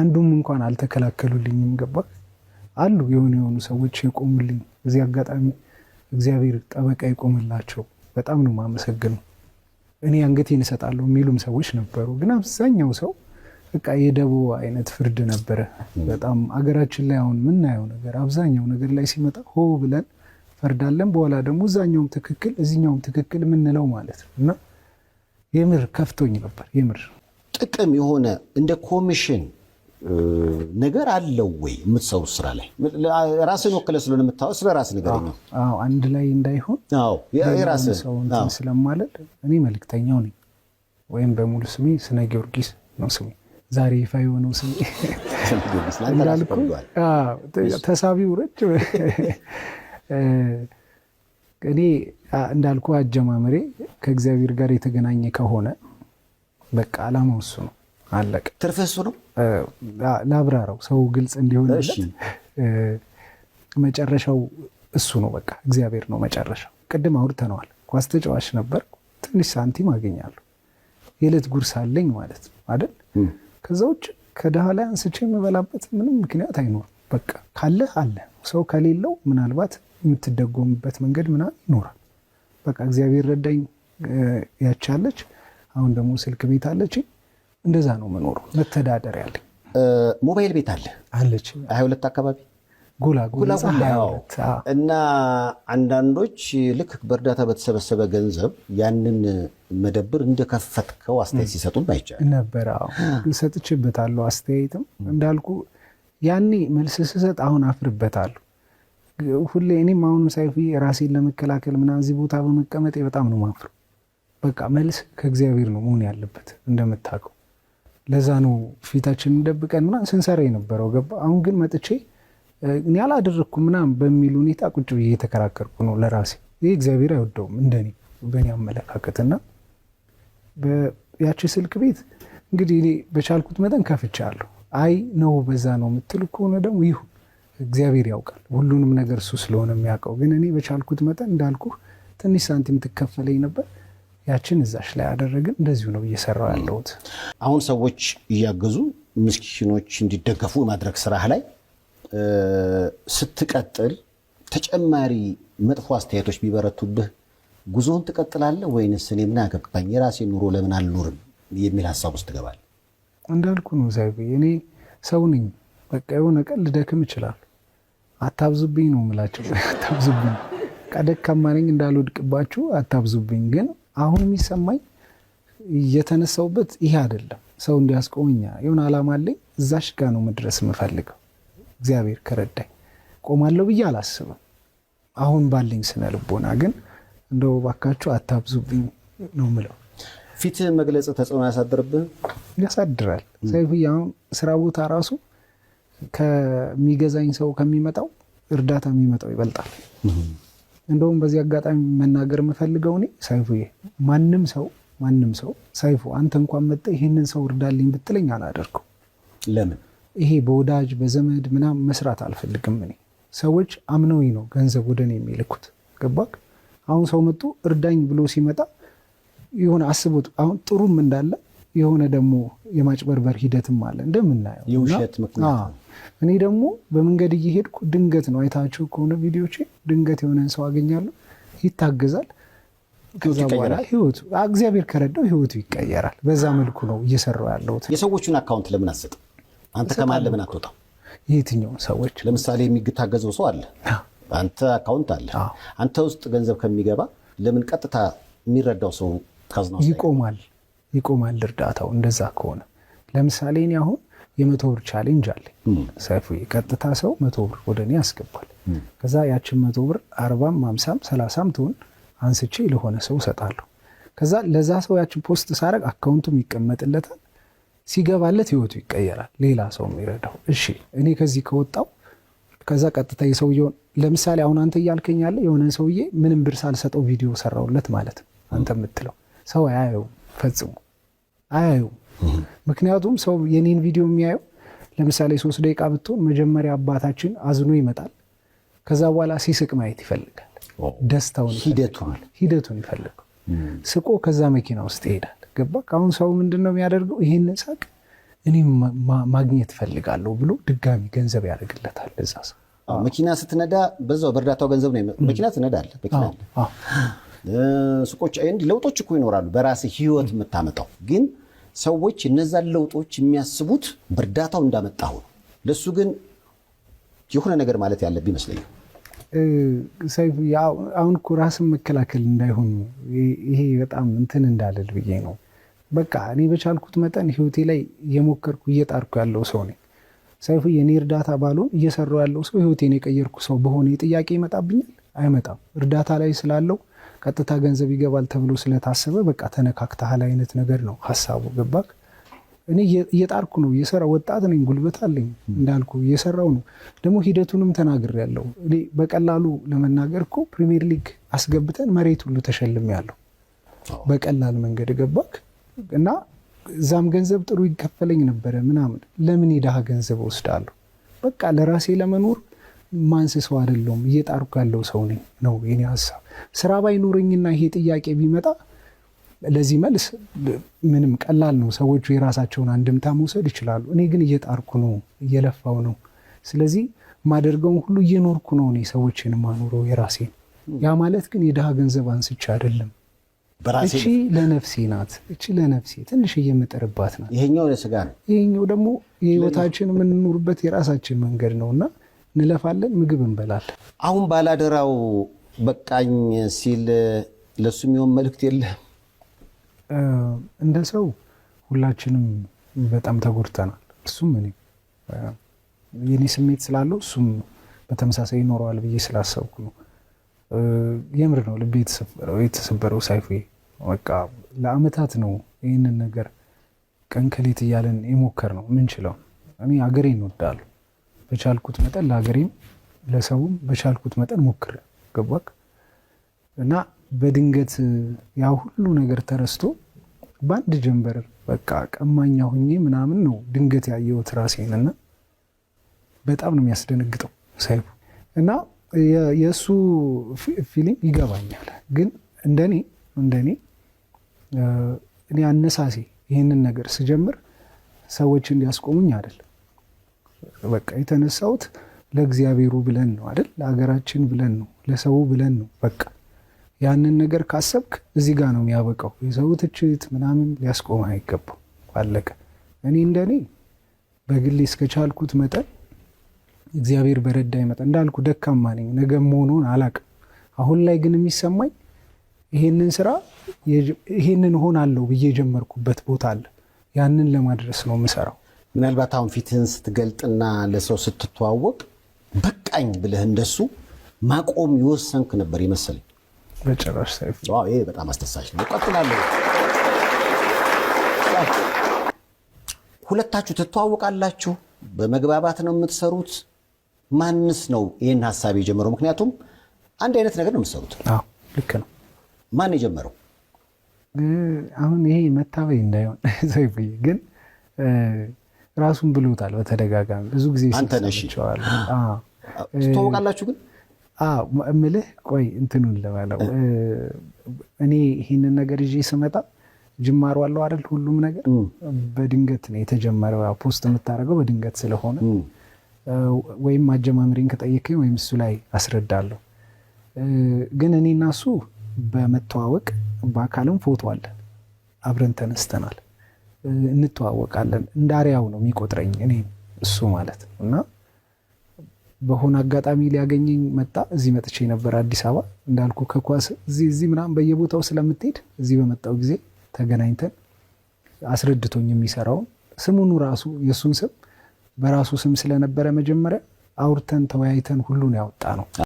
አንዱም እንኳን አልተከላከሉልኝም። ገባ አሉ የሆኑ የሆኑ ሰዎች የቆሙልኝ። እዚህ አጋጣሚ እግዚአብሔር ጠበቃ የቆምላቸው በጣም ነው የማመሰግነው። እኔ አንገቴን እሰጣለሁ የሚሉም ሰዎች ነበሩ፣ ግን አብዛኛው ሰው በቃ የደቦ አይነት ፍርድ ነበረ። በጣም አገራችን ላይ አሁን የምናየው ነገር አብዛኛው ነገር ላይ ሲመጣ ሆ ብለን ፈርዳለን፣ በኋላ ደግሞ እዛኛውም ትክክል እዚኛውም ትክክል የምንለው ማለት ነው። እና የምር ከፍቶኝ ነበር የምር ጥቅም የሆነ እንደ ኮሚሽን ነገር አለው ወይ የምትሰሩ ስራ ላይ ራስን ወክለ ስለሆነ የምታወ ስለ ራስ ነገር ነው አንድ ላይ እንዳይሆን ሰው ስለማለል እኔ መልክተኛው ነኝ ወይም በሙሉ ስሜ ስነ ጊዮርጊስ ነው ስሜ። ዛሬ ይፋ የሆነው ስሜ ተሳቢው ረጭ እኔ እንዳልኩ አጀማመሬ ከእግዚአብሔር ጋር የተገናኘ ከሆነ በቃ አላማው እሱ ነው። አለቀ። ትርፍ እሱ ነው። ላብራራው ሰው ግልጽ እንዲሆን መጨረሻው እሱ ነው። በቃ እግዚአብሔር ነው መጨረሻው። ቅድም አውርተነዋል። ኳስ ተጫዋች ነበር። ትንሽ ሳንቲም አገኛለሁ የዕለት ጉርስ አለኝ ማለት ነው አይደል? ከዛ ውጭ ከድሃ ላይ አንስቼ የምበላበት ምንም ምክንያት አይኖርም። በቃ ካለ አለ። ሰው ከሌለው ምናልባት የምትደጎምበት መንገድ ምናምን ይኖራል። በቃ እግዚአብሔር ረዳኝ ያቻለች። አሁን ደግሞ ስልክ ቤት አለችኝ እንደዛ ነው መኖሩ። መተዳደር ያለ ሞባይል ቤት አለ አለች ሀያ ሁለት አካባቢ እና አንዳንዶች ልክ በእርዳታ በተሰበሰበ ገንዘብ ያንን መደብር እንደከፈትከው አስተያየት ሲሰጡን አይቻል ነበረ። ሰጥቼበታለሁ። አስተያየትም እንዳልኩ ያኔ መልስ ስሰጥ አሁን አፍርበታለሁ። ሁሌ እኔም አሁንም ሳይፊ ራሴን ለመከላከል ምናምን እዚህ ቦታ በመቀመጤ በጣም ነው ማፍር። በቃ መልስ ከእግዚአብሔር ነው መሆን ያለበት እንደምታውቀው ለዛ ነው ፊታችን ደብቀን ምናምን ስንሰራ የነበረው ገባ። አሁን ግን መጥቼ እኔ አላደረግኩ ምናምን በሚል ሁኔታ ቁጭ ብዬ እየተከራከርኩ ነው ለራሴ። ይህ እግዚአብሔር አይወደውም እንደኔ በእኔ አመለካከትና ያቺ ስልክ ቤት እንግዲህ እኔ በቻልኩት መጠን ከፍቻለሁ። አይ ነው በዛ ነው የምትል ከሆነ ደግሞ ይሁን፣ እግዚአብሔር ያውቃል ሁሉንም ነገር እሱ ስለሆነ የሚያውቀው። ግን እኔ በቻልኩት መጠን እንዳልኩ ትንሽ ሳንቲም ትከፈለኝ ነበር ያችን እዛሽ ላይ አደረግን። እንደዚሁ ነው እየሰራው ያለሁት። አሁን ሰዎች እያገዙ ምስኪኖች እንዲደገፉ የማድረግ ስራህ ላይ ስትቀጥል ተጨማሪ መጥፎ አስተያየቶች ቢበረቱብህ ጉዞውን ትቀጥላለህ ወይንስ እኔ ምን አገባኝ የራሴ ኑሮ ለምን አልኖርም የሚል ሀሳብ ውስጥ ትገባል እንዳልኩ ነው ዛ እኔ ሰው ነኝ። በቃ የሆነ ቀን ልደክም ይችላል አታብዙብኝ ነው የምላቸው። አታብዙብኝ፣ ደካማ ነኝ እንዳልወድቅባችሁ አታብዙብኝ ግን አሁን የሚሰማኝ የተነሳውበት ይሄ አይደለም። ሰው እንዲያስቆመኛ የሆነ አላማ አለኝ። እዛሽ ጋ ነው መድረስ የምፈልገው። እግዚአብሔር ከረዳኝ ቆማለሁ ብዬ አላስብም። አሁን ባለኝ ስነ ልቦና ግን እንደው ባካችሁ አታብዙብኝ ነው ምለው። ፊት መግለጽ ተጽዕኖ ያሳድርብን ያሳድራል። ሰይፉዬ አሁን ስራ ቦታ ራሱ ከሚገዛኝ ሰው ከሚመጣው እርዳታ የሚመጣው ይበልጣል። እንደውም በዚህ አጋጣሚ መናገር የምፈልገው እኔ ሰይፉ፣ ማንም ሰው ማንም ሰው ሰይፉ አንተ እንኳን መጠ ይህንን ሰው እርዳልኝ ብትለኝ አላደርገው። ለምን ይሄ በወዳጅ በዘመድ ምናምን መስራት አልፈልግም እኔ። ሰዎች አምነውኝ ነው ገንዘብ ወደ እኔ የሚልኩት። ገባክ? አሁን ሰው መጥቶ እርዳኝ ብሎ ሲመጣ የሆነ አስቦት አሁን ጥሩም እንዳለ የሆነ ደግሞ የማጭበርበር ሂደትም አለ እንደምናየው የውሸት ምክንያት እኔ ደግሞ በመንገድ እየሄድኩ ድንገት ነው አይታችሁ ከሆነ ቪዲዮች ድንገት የሆነን ሰው አገኛለሁ፣ ይታገዛል። ከዛ በኋላ ህይወቱ እግዚአብሔር ከረዳው ህይወቱ ይቀየራል። በዛ መልኩ ነው እየሰራው ያለሁት። የሰዎቹን አካውንት ለምን አትሰጥም? አንተ ከማን ለምን አትወጣም? የትኛውን ሰዎች ለምሳሌ የሚታገዘው ሰው አለ፣ አንተ አካውንት አለ፣ አንተ ውስጥ ገንዘብ ከሚገባ ለምን ቀጥታ የሚረዳው ሰው ይቆማል? ይቆማል እርዳታው እንደዛ ከሆነ ለምሳሌ እኔ አሁን የመቶ ብር ቻሌንጅ አለ። ሰፊ ቀጥታ ሰው መቶ ብር ወደ እኔ ያስገባል። ከዛ ያችን መቶ ብር አርባም አምሳም ሰላሳም ትሆን አንስቼ ለሆነ ሰው እሰጣለሁ። ከዛ ለዛ ሰው ያችን ፖስት ሳረግ አካውንቱም ይቀመጥለታል። ሲገባለት ህይወቱ ይቀየራል። ሌላ ሰው የሚረዳው እሺ፣ እኔ ከዚህ ከወጣው ከዛ ቀጥታ የሰውየውን ለምሳሌ አሁን አንተ እያልከኝ ያለ የሆነ ሰውዬ ምንም ብር ሳልሰጠው ቪዲዮ ሰራውለት ማለት ነው። አንተ የምትለው ሰው አያየውም፣ ፈጽሞ አያየውም። ምክንያቱም ሰው የኔን ቪዲዮ የሚያየው ለምሳሌ ሶስት ደቂቃ ብትሆን መጀመሪያ አባታችን አዝኖ ይመጣል። ከዛ በኋላ ሲስቅ ማየት ይፈልጋል። ደስታውን ሂደቱን ይፈልጋል። ስቆ ከዛ መኪና ውስጥ ይሄዳል። ገባ? ከአሁን ሰው ምንድን ነው የሚያደርገው? ይህንን ሳቅ እኔም ማግኘት ፈልጋለሁ ብሎ ድጋሚ ገንዘብ ያደርግለታል። እዛ ሰው መኪና ስትነዳ በዛው በእርዳታው ገንዘብ ነው መኪና ትነዳለህ። ሱቆች፣ ለውጦች እኮ ይኖራሉ በራስህ ህይወት የምታመጣው ግን ሰዎች እነዛን ለውጦች የሚያስቡት በእርዳታው እንዳመጣሁ ነው። ለእሱ ግን የሆነ ነገር ማለት ያለብህ ይመስለኛል። ሰይፉ አሁን እኮ ራስን መከላከል እንዳይሆኑ ይሄ በጣም እንትን እንዳለል ብዬ ነው። በቃ እኔ በቻልኩት መጠን ህይወቴ ላይ እየሞከርኩ እየጣርኩ ያለው ሰው ነኝ። ሰይፉ የእኔ እርዳታ ባልሆን እየሰራው ያለው ሰው ህይወቴን የቀየርኩ ሰው በሆነ ጥያቄ ይመጣብኛል አይመጣም። እርዳታ ላይ ስላለው ቀጥታ ገንዘብ ይገባል ተብሎ ስለታሰበ በቃ ተነካክተሃል አይነት ነገር ነው ሀሳቡ። ገባክ? እኔ እየጣርኩ ነው የሰራ ወጣት ነኝ፣ ጉልበት አለኝ እንዳልኩ እየሰራው ነው። ደግሞ ሂደቱንም ተናግር ያለው እኔ በቀላሉ ለመናገር እኮ ፕሪሚየር ሊግ አስገብተን መሬት ሁሉ ተሸልም ያለው በቀላል መንገድ ገባክ እና እዛም ገንዘብ ጥሩ ይከፈለኝ ነበረ ምናምን። ለምን የድሃ ገንዘብ ወስዳለሁ? በቃ ለራሴ ለመኖር ማንስ ሰው አይደለሁም፣ እየጣርኩ ያለው ሰው ነኝ ነው የኔ ሀሳብ። ስራ ባይኖረኝና ይሄ ጥያቄ ቢመጣ ለዚህ መልስ ምንም ቀላል ነው። ሰዎቹ የራሳቸውን አንድምታ መውሰድ ይችላሉ። እኔ ግን እየጣርኩ ነው፣ እየለፋው ነው። ስለዚህ ማደርገውን ሁሉ እየኖርኩ ነው። እኔ ሰዎችን ማኖረው የራሴን ያ ማለት ግን የድሃ ገንዘብ አንስቼ አይደለም። እቺ ለነፍሴ ናት። እቺ ለነፍሴ ትንሽ እየምጥርባት ናት። ይሄኛው ለስጋ ነው። ይሄኛው ደግሞ የህይወታችን የምንኖርበት የራሳችን መንገድ ነው እና እንለፋለን፣ ምግብ እንበላለን። አሁን ባላደራው በቃኝ ሲል ለሱ የሚሆን መልእክት የለህም? እንደ ሰው ሁላችንም በጣም ተጎድተናል። እሱም እኔ የኔ ስሜት ስላለው እሱም በተመሳሳይ ይኖረዋል ብዬ ስላሰብኩ ነው። የምር ነው ልቤ የተሰበረው ሳይፌ። በቃ ለአመታት ነው ይህንን ነገር ቀን ከሌት እያለን የሞከር ነው ምንችለው። እኔ ሀገሬን እወዳለሁ። በቻልኩት መጠን ለሀገሬም ለሰውም በቻልኩት መጠን ሞክር ገባክ እና በድንገት ያ ሁሉ ነገር ተረስቶ በአንድ ጀንበር በቃ ቀማኛ ሁኜ ምናምን ነው ድንገት ያየሁት ራሴን እና በጣም ነው የሚያስደነግጠው ሳይቡ እና የእሱ ፊሊም ይገባኛል። ግን እንደኔ እንደኔ እኔ አነሳሴ ይህንን ነገር ስጀምር ሰዎች እንዲያስቆሙኝ አይደል። በቃ የተነሳሁት ለእግዚአብሔሩ ብለን ነው አይደል፣ ለሀገራችን ብለን ነው ለሰው ብለን ነው በቃ ያንን ነገር ካሰብክ እዚህ ጋር ነው የሚያበቃው። የሰው ትችት ምናምን ሊያስቆመ አይገባው። አለቀ። እኔ እንደኔ በግሌ እስከቻልኩት መጠን እግዚአብሔር በረዳኝ መጠን እንዳልኩ ደካማ ነኝ፣ ነገ መሆኑን አላቅም። አሁን ላይ ግን የሚሰማኝ ይሄንን ስራ ይሄንን እሆናለሁ ብዬ የጀመርኩበት ቦታ አለ። ያንን ለማድረስ ነው የምሰራው። ምናልባት አሁን ፊትህን ስትገልጥና ለሰው ስትተዋወቅ በቃኝ ብለህ እንደሱ ማቆም የወሰንክ ነበር ይመስለኝ። በጭራሽ ሰይፉ፣ ይሄ በጣም አስደሳች ነው። እቀጥላለሁ። ሁለታችሁ ትተዋወቃላችሁ፣ በመግባባት ነው የምትሰሩት። ማንስ ነው ይህን ሀሳብ የጀመረው? ምክንያቱም አንድ አይነት ነገር ነው የምትሰሩት። ልክ ነው። ማን የጀመረው? አሁን ይሄ መታበይ እንዳይሆን ሰይፉዬ ግን ራሱን ብሎታል በተደጋጋሚ ብዙ ጊዜ። አንተ ነሽ ትተዋወቃላችሁ ግን ምልህ ቆይ እንትኑን ልበለው እኔ ይህንን ነገር ይዤ ስመጣ ጅማሩ አለው አይደል? ሁሉም ነገር በድንገት ነው የተጀመረው። ያው ፖስት የምታደርገው በድንገት ስለሆነ ወይም አጀማምሬን ከጠየቀኝ ወይም እሱ ላይ አስረዳለሁ። ግን እና እሱ በመተዋወቅ በአካልም ፎቶ አለን፣ አብረን ተነስተናል፣ እንተዋወቃለን። እንዳሪያው ነው የሚቆጥረኝ እኔ እሱ ማለት ነው እና በሆነ አጋጣሚ ሊያገኘኝ መጣ። እዚህ መጥቼ ነበር አዲስ አበባ እንዳልኩ ከኳስ እዚህ እዚህ ምናምን በየቦታው ስለምትሄድ እዚህ በመጣው ጊዜ ተገናኝተን አስረድቶኝ የሚሰራውን ስሙኑ ራሱ የእሱን ስም በራሱ ስም ስለነበረ መጀመሪያ አውርተን ተወያይተን ሁሉን ያወጣ ነው።